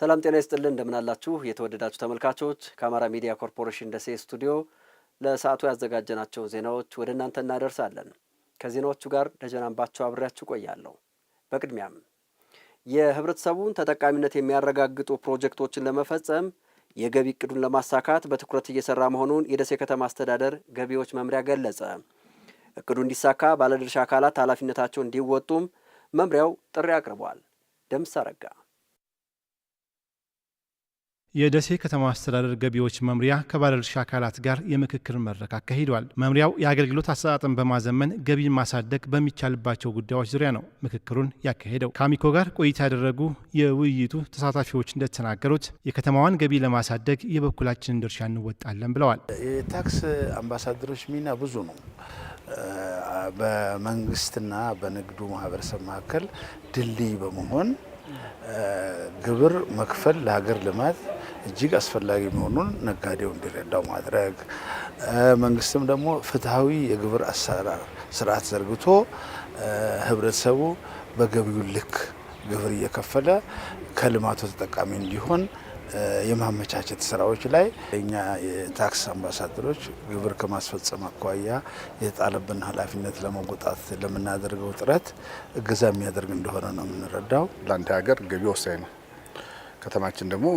ሰላም ጤና ይስጥልን፣ እንደምናላችሁ የተወደዳችሁ ተመልካቾች፣ ከአማራ ሚዲያ ኮርፖሬሽን ደሴ ስቱዲዮ ለሰዓቱ ያዘጋጀናቸው ዜናዎች ወደ እናንተ እናደርሳለን። ከዜናዎቹ ጋር ደጀናንባቸው አብሬያችሁ ቆያለሁ። በቅድሚያም የህብረተሰቡን ተጠቃሚነት የሚያረጋግጡ ፕሮጀክቶችን ለመፈጸም የገቢ እቅዱን ለማሳካት በትኩረት እየሰራ መሆኑን የደሴ ከተማ አስተዳደር ገቢዎች መምሪያ ገለጸ። እቅዱ እንዲሳካ ባለድርሻ አካላት ኃላፊነታቸው እንዲወጡም መምሪያው ጥሪ አቅርበዋል። ደምስ አረጋ የደሴ ከተማ አስተዳደር ገቢዎች መምሪያ ከባለድርሻ አካላት ጋር የምክክር መድረክ አካሂዷል። መምሪያው የአገልግሎት አሰጣጥን በማዘመን ገቢን ማሳደግ በሚቻልባቸው ጉዳዮች ዙሪያ ነው ምክክሩን ያካሄደው። ከአሚኮ ጋር ቆይታ ያደረጉ የውይይቱ ተሳታፊዎች እንደተናገሩት የከተማዋን ገቢ ለማሳደግ የበኩላችንን ድርሻ እንወጣለን ብለዋል። የታክስ አምባሳደሮች ሚና ብዙ ነው። በመንግስትና በንግዱ ማህበረሰብ መካከል ድልድይ በመሆን ግብር መክፈል ለሀገር ልማት እጅግ አስፈላጊ መሆኑን ነጋዴው እንዲረዳው ማድረግ፣ መንግስትም ደግሞ ፍትሐዊ የግብር አሰራር ስርዓት ዘርግቶ ህብረተሰቡ በገቢው ልክ ግብር እየከፈለ ከልማቱ ተጠቃሚ እንዲሆን የማመቻቸት ስራዎች ላይ እኛ የታክስ አምባሳደሮች ግብር ከማስፈጸም አኳያ የተጣለብን ኃላፊነት ለመወጣት ለምናደርገው ጥረት እገዛ የሚያደርግ እንደሆነ ነው የምንረዳው። ለአንድ ሀገር ገቢ ወሳኝ ነው። ከተማችን ደግሞ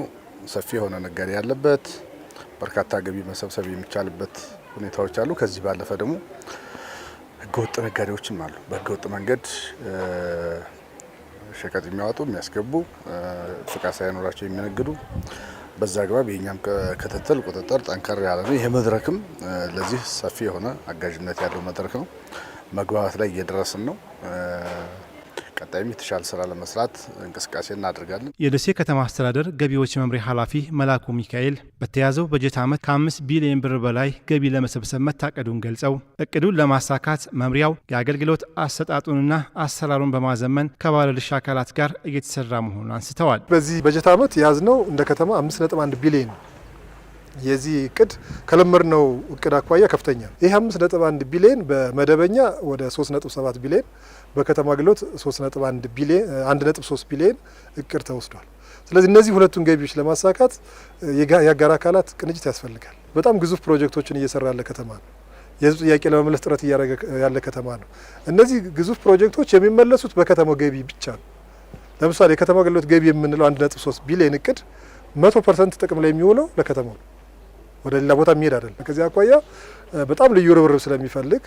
ሰፊ የሆነ ነጋዴ ያለበት በርካታ ገቢ መሰብሰብ የሚቻልበት ሁኔታዎች አሉ። ከዚህ ባለፈ ደግሞ ህገወጥ ነጋዴዎችም አሉ። በህገወጥ መንገድ ሸቀጥ የሚያወጡ የሚያስገቡ ፍቃድ ሳይኖራቸው የሚነግዱ በዛ አግባብ የእኛም ክትትል ቁጥጥር ጠንከር ያለ ነው። ይሄ መድረክም ለዚህ ሰፊ የሆነ አጋዥነት ያለው መድረክ ነው። መግባባት ላይ እየደረስን ነው። በቀጣይም የተሻለ ስራ ለመስራት እንቅስቃሴ እናደርጋለን። የደሴ ከተማ አስተዳደር ገቢዎች መምሪያ ኃላፊ መላኩ ሚካኤል በተያዘው በጀት ዓመት ከአምስት ቢሊዮን ብር በላይ ገቢ ለመሰብሰብ መታቀዱን ገልጸው እቅዱን ለማሳካት መምሪያው የአገልግሎት አሰጣጡንና አሰራሩን በማዘመን ከባለድርሻ አካላት ጋር እየተሰራ መሆኑን አንስተዋል። በዚህ በጀት ዓመት የያዝነው እንደ ከተማ 5.1 ቢሊዮን የዚህ እቅድ ከለመድነው እቅድ አኳያ ከፍተኛ ይህ 5.1 ቢሊዮን በመደበኛ ወደ 3.7 ቢሊዮን በከተማ አገልግሎት 3.1 ቢሊዮን 1.3 ቢሊዮን እቅድ ተወስዷል። ስለዚህ እነዚህ ሁለቱን ገቢዎች ለማሳካት የአጋር አካላት ቅንጅት ያስፈልጋል። በጣም ግዙፍ ፕሮጀክቶችን እየሰራ ያለ ከተማ ነው። የህዝብ ጥያቄ ለመመለስ ጥረት እያደረገ ያለ ከተማ ነው። እነዚህ ግዙፍ ፕሮጀክቶች የሚመለሱት በከተማው ገቢ ብቻ ነው። ለምሳሌ የከተማ አገልግሎት ገቢ የምንለው ሶስት ቢሊዮን እቅድ መቶ ፐርሰንት ጥቅም ላይ የሚውለው ለከተማው ነው። ወደ ሌላ ቦታ የሚሄድ አይደለም። ከዚህ አኳያ በጣም ልዩ ርብርብ ስለሚፈልግ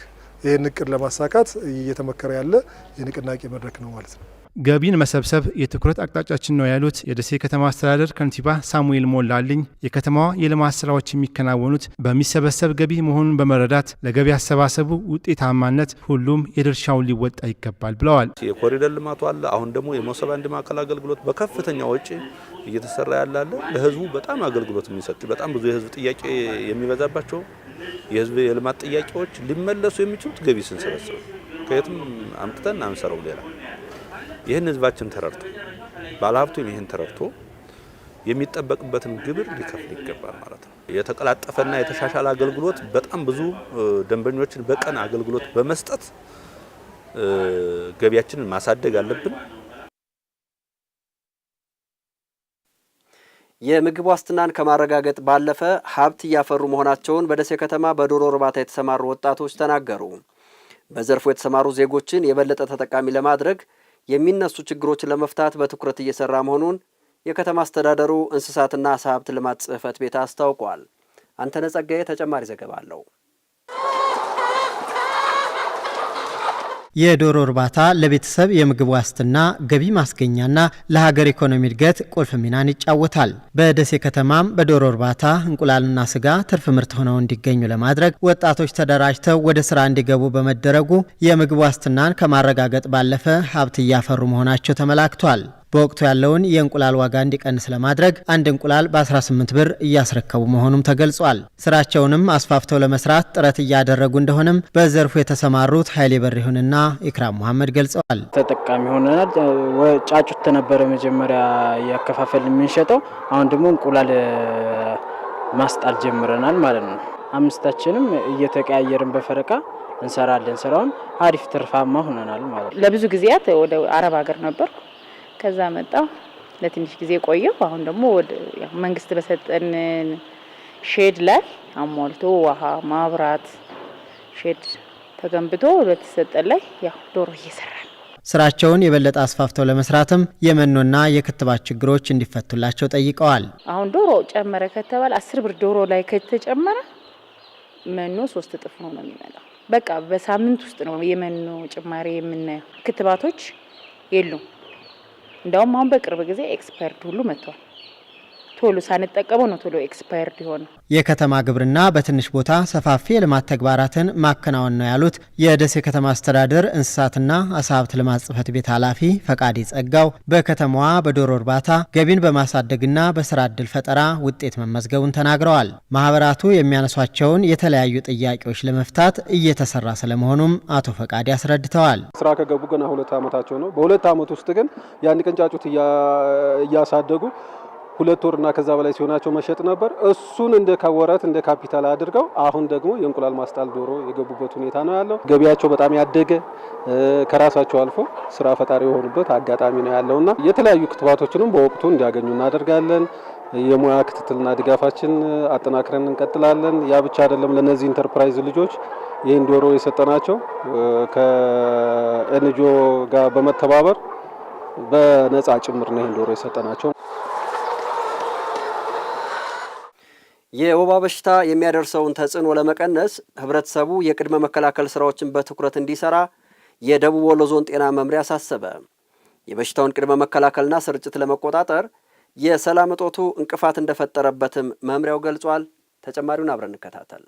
ይህን እቅድ ለማሳካት እየተመከረ ያለ የንቅናቄ መድረክ ነው ማለት ነው። ገቢን መሰብሰብ የትኩረት አቅጣጫችን ነው ያሉት የደሴ ከተማ አስተዳደር ከንቲባ ሳሙኤል ሞላልኝ የከተማዋ የልማት ስራዎች የሚከናወኑት በሚሰበሰብ ገቢ መሆኑን በመረዳት ለገቢ አሰባሰቡ ውጤታማነት ሁሉም የድርሻውን ሊወጣ ይገባል ብለዋል። የኮሪደር ልማቱ አለ። አሁን ደግሞ የመሶብ አንድ ማዕከል አገልግሎት በከፍተኛ ወጪ እየተሰራ ያለ ለህዝቡ በጣም አገልግሎት የሚሰጥ በጣም ብዙ የህዝብ ጥያቄ የሚበዛባቸው የህዝብ የልማት ጥያቄዎች ሊመለሱ የሚችሉት ገቢ ስንሰበስብ ከየትም አምጥተን አንሰራው። ሌላ ይህን ህዝባችን ተረድቶ ባለሀብቱ ይህን ተረድቶ የሚጠበቅበትን ግብር ሊከፍል ይገባል ማለት ነው። የተቀላጠፈና የተሻሻለ አገልግሎት በጣም ብዙ ደንበኞችን በቀን አገልግሎት በመስጠት ገቢያችንን ማሳደግ አለብን። የምግብ ዋስትናን ከማረጋገጥ ባለፈ ሀብት እያፈሩ መሆናቸውን በደሴ ከተማ በዶሮ እርባታ የተሰማሩ ወጣቶች ተናገሩ። በዘርፉ የተሰማሩ ዜጎችን የበለጠ ተጠቃሚ ለማድረግ የሚነሱ ችግሮችን ለመፍታት በትኩረት እየሰራ መሆኑን የከተማ አስተዳደሩ እንስሳትና ዓሳ ሀብት ልማት ጽሕፈት ቤት አስታውቋል። አንተነህ ጸጋዬ ተጨማሪ ዘገባ አለው። የዶሮ እርባታ ለቤተሰብ የምግብ ዋስትና ገቢ ማስገኛና ለሀገር ኢኮኖሚ እድገት ቁልፍ ሚናን ይጫወታል። በደሴ ከተማም በዶሮ እርባታ እንቁላልና ስጋ ትርፍ ምርት ሆነው እንዲገኙ ለማድረግ ወጣቶች ተደራጅተው ወደ ስራ እንዲገቡ በመደረጉ የምግብ ዋስትናን ከማረጋገጥ ባለፈ ሀብት እያፈሩ መሆናቸው ተመላክቷል። በወቅቱ ያለውን የእንቁላል ዋጋ እንዲቀንስ ለማድረግ አንድ እንቁላል በ18 ብር እያስረከቡ መሆኑም ተገልጿል። ስራቸውንም አስፋፍተው ለመስራት ጥረት እያደረጉ እንደሆነም በዘርፉ የተሰማሩት ኃይሌ በሪሁንና ኢክራም መሐመድ ገልጸዋል። ተጠቃሚ ሆነናል። ጫጩት ነበረ መጀመሪያ እያከፋፈል የምንሸጠው፣ አሁን ደግሞ እንቁላል ማስጣል ጀምረናል ማለት ነው። አምስታችንም እየተቀያየርን በፈረቃ እንሰራለን። ስራውን አሪፍ ትርፋማ ሆነናል ማለት ነው። ለብዙ ጊዜያት ወደ አረብ ሀገር ነበርኩ ከዛ መጣሁ ለትንሽ ጊዜ ቆየሁ። አሁን ደግሞ መንግስት በሰጠን ሼድ ላይ አሟልቶ ውሃ፣ ማብራት ሼድ ተገንብቶ በተሰጠን ላይ ያው ዶሮ እየሰራል። ስራቸውን የበለጠ አስፋፍተው ለመስራትም የመኖና የክትባት ችግሮች እንዲፈቱላቸው ጠይቀዋል። አሁን ዶሮ ጨመረ ከተባለ አስር ብር ዶሮ ላይ ከተጨመረ መኖ ሶስት እጥፍ ነው ነው የሚመጣው። በቃ በሳምንት ውስጥ ነው የመኖ ጭማሪ የምናየው። ክትባቶች የሉም። እንደውም አሁን በቅርብ ጊዜ ኤክስፐርት ሁሉ መጥቷል። ቶሎ ሳንጠቀመው ነው ቶሎ ኤክስፓየርድ የሆነ። የከተማ ግብርና በትንሽ ቦታ ሰፋፊ የልማት ተግባራትን ማከናወን ነው ያሉት የደሴ ከተማ አስተዳደር እንስሳትና አሳ ሀብት ልማት ጽህፈት ቤት ኃላፊ ፈቃዴ ጸጋው በከተማዋ በዶሮ እርባታ ገቢን በማሳደግና በስራ እድል ፈጠራ ውጤት መመዝገቡን ተናግረዋል። ማህበራቱ የሚያነሷቸውን የተለያዩ ጥያቄዎች ለመፍታት እየተሰራ ስለመሆኑም አቶ ፈቃዴ አስረድተዋል። ስራ ከገቡ ገና ሁለት ዓመታቸው ነው። በሁለት ዓመት ውስጥ ግን የአንድ ቀን ጫጩት እያሳደጉ ሁለት ወርና ከዛ በላይ ሲሆናቸው መሸጥ ነበር። እሱን እንደ ከወረት እንደ ካፒታል አድርገው አሁን ደግሞ የእንቁላል ማስጣል ዶሮ የገቡበት ሁኔታ ነው ያለው። ገቢያቸው በጣም ያደገ ከራሳቸው አልፎ ስራ ፈጣሪ የሆኑበት አጋጣሚ ነው ያለውና የተለያዩ ክትባቶችንም በወቅቱ እንዲያገኙ እናደርጋለን። የሙያ ክትትልና ድጋፋችን አጠናክረን እንቀጥላለን። ያ ብቻ አይደለም። ለነዚህ ኢንተርፕራይዝ ልጆች ይህን ዶሮ የሰጠናቸው ከኤንጂኦ ጋር በመተባበር በነፃ ጭምር ነው ይህን ዶሮ የሰጠናቸው። የወባ በሽታ የሚያደርሰውን ተጽዕኖ ለመቀነስ ህብረተሰቡ የቅድመ መከላከል ስራዎችን በትኩረት እንዲሰራ የደቡብ ወሎ ዞን ጤና መምሪያ አሳሰበ። የበሽታውን ቅድመ መከላከልና ስርጭት ለመቆጣጠር የሰላም እጦቱ እንቅፋት እንደፈጠረበትም መምሪያው ገልጿል። ተጨማሪውን አብረን እንከታተል።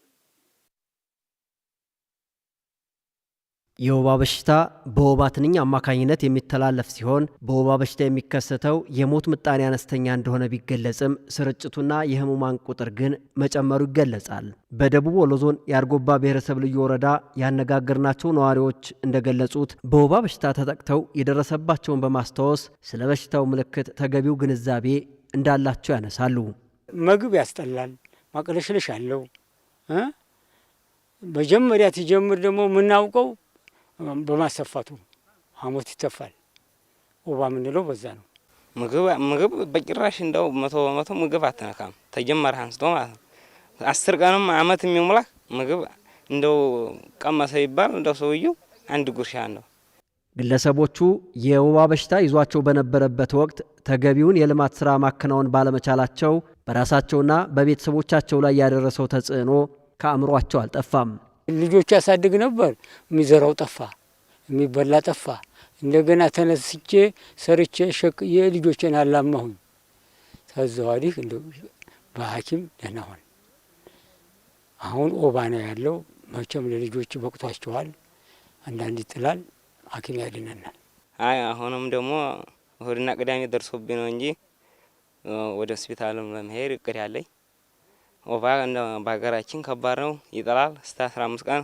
የወባ በሽታ በወባ ትንኝ አማካኝነት የሚተላለፍ ሲሆን በወባ በሽታ የሚከሰተው የሞት ምጣኔ አነስተኛ እንደሆነ ቢገለጽም ስርጭቱና የህሙማን ቁጥር ግን መጨመሩ ይገለጻል። በደቡብ ወሎ ዞን የአርጎባ ብሔረሰብ ልዩ ወረዳ ያነጋገርናቸው ነዋሪዎች እንደገለጹት በወባ በሽታ ተጠቅተው የደረሰባቸውን በማስታወስ ስለ በሽታው ምልክት ተገቢው ግንዛቤ እንዳላቸው ያነሳሉ። ምግብ ያስጠላል፣ ማቅለሽለሽ አለው። መጀመሪያ ትጀምር ደግሞ የምናውቀው በማሰፋቱ ሀሞት ይተፋል። ወባ የምንለው በዛ ነው። ምግብ በጭራሽ እንደው መቶ በመቶ ምግብ አትነካም። ተጀመረ አንስቶ ማለት ነው። አስር ቀንም አመት የሚሙላ ምግብ እንደው ቀመሰ ይባል እንደው ሰውየው አንድ ጉርሻ ነው። ግለሰቦቹ የወባ በሽታ ይዟቸው በነበረበት ወቅት ተገቢውን የልማት ስራ ማከናወን ባለመቻላቸው በራሳቸውና በቤተሰቦቻቸው ላይ ያደረሰው ተጽዕኖ ከአእምሯቸው አልጠፋም። ልጆች ያሳድግ ነበር። የሚዘራው ጠፋ፣ የሚበላ ጠፋ። እንደገና ተነስቼ ሰርቼ ሸቅዬ ልጆችን አላማሁኝ። ተዘዋዲህ ወዲህ እንደ በሐኪም ደህና ሆን። አሁን ኦባ ነው ያለው። መቼም ለልጆች በቅቷቸዋል። አንዳንድ ይጥላል፣ ሐኪም ያድነናል። አይ አሁንም ደግሞ እሁድና ቅዳሜ ደርሶብኝ ነው እንጂ ወደ ሆስፒታልም ለመሄድ እቅድ ያለኝ በሀገራችን ከባድ ነው፣ ይጥላል። እስከ 15 ቀን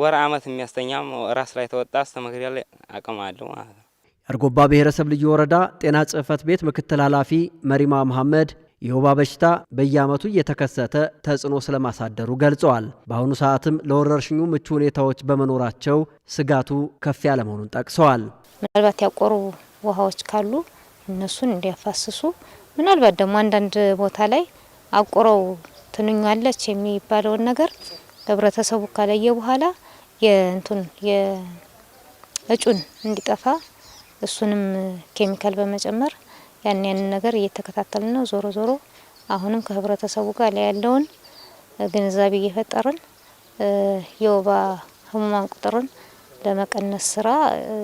ወር አመት የሚያስተኛም ራስ ላይ ተወጣ እስከ መግደል አቅም አለው ማለት ነው። የአርጎባ ብሔረሰብ ልዩ ወረዳ ጤና ጽህፈት ቤት ምክትል ኃላፊ መሪማ መሐመድ የወባ በሽታ በየአመቱ እየተከሰተ ተጽዕኖ ስለማሳደሩ ገልጸዋል። በአሁኑ ሰዓትም ለወረርሽኙ ምቹ ሁኔታዎች በመኖራቸው ስጋቱ ከፍ ያለ መሆኑን ጠቅሰዋል። ምናልባት ያቆሩ ውሃዎች ካሉ እነሱን እንዲያፋስሱ ምናልባት ደግሞ አንዳንድ ቦታ ላይ አቁረው ትንኛለች የሚባለውን ነገር ህብረተሰቡ ካለየ በኋላ የእንቱን የእጩን እንዲጠፋ እሱንም ኬሚካል በመጨመር ያን ያንን ነገር እየተከታተልን ነው። ዞሮ ዞሮ አሁንም ከህብረተሰቡ ጋር ላይ ያለውን ግንዛቤ እየፈጠርን የወባ ህሙማን ቁጥርን ለመቀነስ ስራ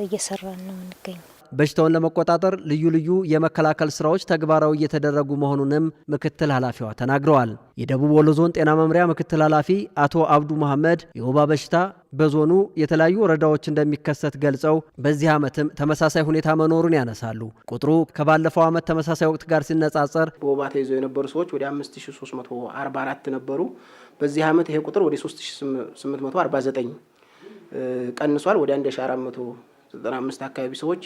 እየሰራን ነው የምንገኘው። በሽታውን ለመቆጣጠር ልዩ ልዩ የመከላከል ስራዎች ተግባራዊ እየተደረጉ መሆኑንም ምክትል ኃላፊዋ ተናግረዋል። የደቡብ ወሎ ዞን ጤና መምሪያ ምክትል ኃላፊ አቶ አብዱ መሐመድ የወባ በሽታ በዞኑ የተለያዩ ወረዳዎች እንደሚከሰት ገልጸው በዚህ ዓመትም ተመሳሳይ ሁኔታ መኖሩን ያነሳሉ። ቁጥሩ ከባለፈው ዓመት ተመሳሳይ ወቅት ጋር ሲነጻጸር በወባ ተይዘው የነበሩ ሰዎች ወደ 5344 ነበሩ። በዚህ ዓመት ይሄ ቁጥር ወደ 3849 ቀንሷል። ወደ 1495 አካባቢ ሰዎች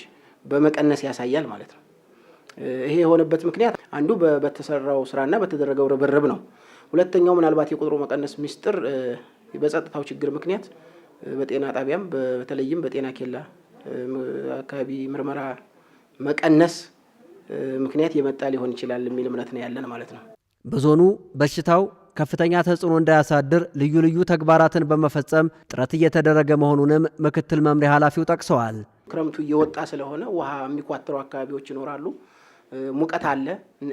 በመቀነስ ያሳያል ማለት ነው። ይሄ የሆነበት ምክንያት አንዱ በተሰራው ስራና በተደረገው ርብርብ ነው። ሁለተኛው ምናልባት የቁጥሩ መቀነስ ሚስጥር በጸጥታው ችግር ምክንያት በጤና ጣቢያም በተለይም በጤና ኬላ አካባቢ ምርመራ መቀነስ ምክንያት የመጣ ሊሆን ይችላል የሚል እምነት ነው ያለን ማለት ነው። በዞኑ በሽታው ከፍተኛ ተጽዕኖ እንዳያሳድር ልዩ ልዩ ተግባራትን በመፈጸም ጥረት እየተደረገ መሆኑንም ምክትል መምሪያ ኃላፊው ጠቅሰዋል። ክረምቱ እየወጣ ስለሆነ ውሃ የሚኳተሩ አካባቢዎች ይኖራሉ። ሙቀት አለ።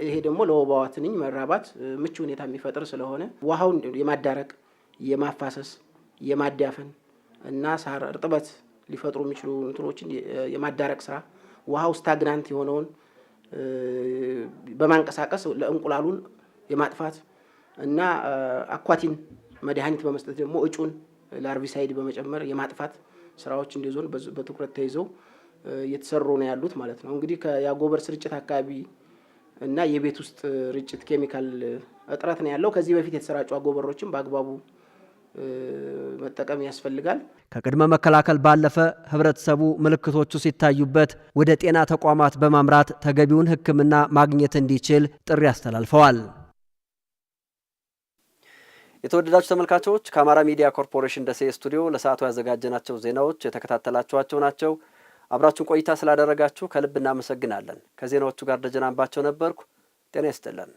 ይሄ ደግሞ ለወባ ትንኝ መራባት ምቹ ሁኔታ የሚፈጥር ስለሆነ ውሃውን የማዳረቅ የማፋሰስ፣ የማዳፈን እና ሳር እርጥበት ሊፈጥሩ የሚችሉ እንትኖችን የማዳረቅ ስራ ውሃው ስታግናንት የሆነውን በማንቀሳቀስ ለእንቁላሉን የማጥፋት እና አኳቲን መድኃኒት በመስጠት ደግሞ እጩን ላርቪሳይድ በመጨመር የማጥፋት ስራዎች እንደ ዞን በትኩረት ተይዘው እየተሰሩ ነው ያሉት ማለት ነው። እንግዲህ የአጎበር ስርጭት አካባቢ እና የቤት ውስጥ ርጭት ኬሚካል እጥረት ነው ያለው። ከዚህ በፊት የተሰራጩ አጎበሮችን በአግባቡ መጠቀም ያስፈልጋል። ከቅድመ መከላከል ባለፈ ህብረተሰቡ ምልክቶቹ ሲታዩበት ወደ ጤና ተቋማት በማምራት ተገቢውን ሕክምና ማግኘት እንዲችል ጥሪ አስተላልፈዋል። የተወደዳችሁ ተመልካቾች ከአማራ ሚዲያ ኮርፖሬሽን ደሴ ስቱዲዮ ለሰዓቱ ያዘጋጀናቸው ዜናዎች የተከታተላችኋቸው ናቸው። አብራችሁን ቆይታ ስላደረጋችሁ ከልብ እናመሰግናለን። ከዜናዎቹ ጋር ደጀን ነበርኩ። ጤና ይስጥልን።